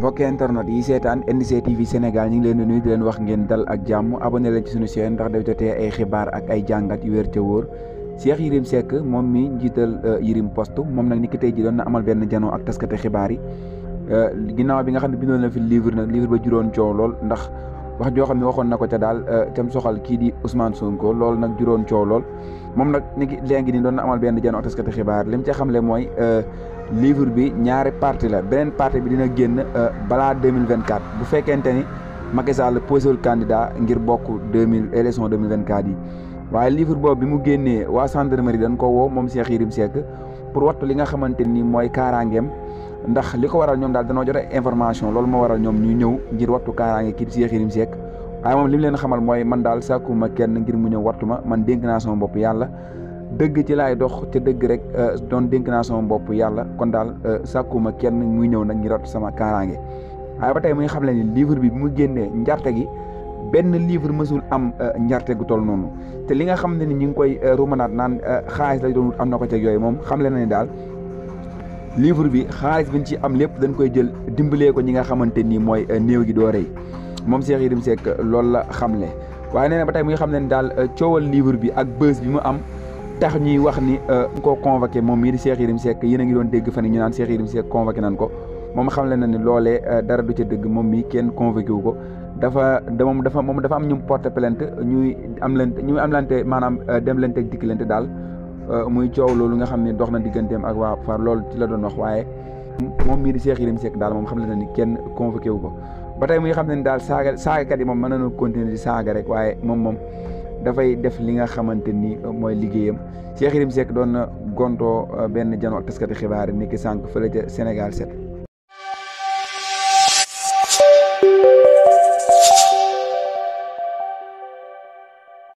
mbokki internet yi seetaan NDC TV Sénégal ñi ngi leen di nuy di leen wax ngeen dal ak jàmm abonné leen ci suñu chaîne ndax day jotee ay xibaar ak ay jàngat yu wér te wóor Cheikh Yérim Seck moom mi njiital euh, Yérim Post moom nag ni ki tey ji doon na amal benn janoo ak taskate xibaar yi euh, ginnaaw bi nga xam ne bindoon na fi livre nag livre ba juróon coow lool ndax wax joo xam ne waxoon na ko ca daal euh, cam soxal kii di Ousmane Sonko loolu nag juróon coow lool moom nag ni ki léegi nii doon na amal benn janoo taskati xibaar li mu ca xamle mooy euh, livre bi ñaari parti la beneen parti bi dina génn euh, balaa 2024 bu fekkente ni Macky Sall posewul candidat ngir bokk 2000 élection 2024 yi waaye livre boobu bi mu génnee waa gendarmerie dañ ko woo moom Cheikh Yérim Seck pour wattu li nga xamante ni mooy kaaraangeem ndax li ko waral ñoom daal danoo jote information loolu moo waral ñoom ñu ñëw ngir wattu kaaraange kii Cheikh Yérim Seck waaye moom li leen xamal mooy man daal sàkkuma kenn ngir mu ñëw wattu ma man dénk naa yàlla dëgg ci laay dox te dëgg rek euh, doon dénk naa sama yàlla kon daal euh, sàkkuma kenn muy ñëw nag ngir wattu sama kaaraange waaye ba tey muy xam le livre bi mu génnee njarte gi benn livre mësul am euh, njarte gu toll noonu te li nga xam ne ni ñu ngi koy euh, romanaat naan euh, xaalis lañ doon wut am na ko ceeg yooyu moom xam leen ne daal livre bi xaalis biñ ci am lépp dañ koy jël dimbalee ko ñi nga xamante nii mooy néew gi doo rëy moom Cheikh Yérim Seck loolu la xamle waaye nee na ba tey mu nga xam ne ni daal coowal livre bi ak bës bi mu am tax ñuy wax ni koo convoqué moom mii di Cheikh Yérim Seck yéen a ngi doon dégg fan ñu naan Cheikh Yérim Seck convoqué ko moom xam le na ni loolee euh, dara du ca dëgg moom mi kenn convoqué wu ko dafa da moom dafa moom dafa am ñum porté plainte ñuy am lante ñu am lante maanaam euh, dem lante ak dikk lante daal euh, muy coow loolu nga xam ni dox na digganteem ak waa far loolu ci la doon wax waaye moom mii di Cheikh Yérim Seck daal moom xam le na ni kenn convoqué wu ko ba tey muy xam ne ni daal saaga saagakat yi moom mën nañu continuer di saaga rek waaye moom moom dafay def li nga xamante ni mooy liggéeyam Cheikh Yérim Seck doon na gontoo benn janoo ak taskati xibaar yi nekk sànq fële Sénégal set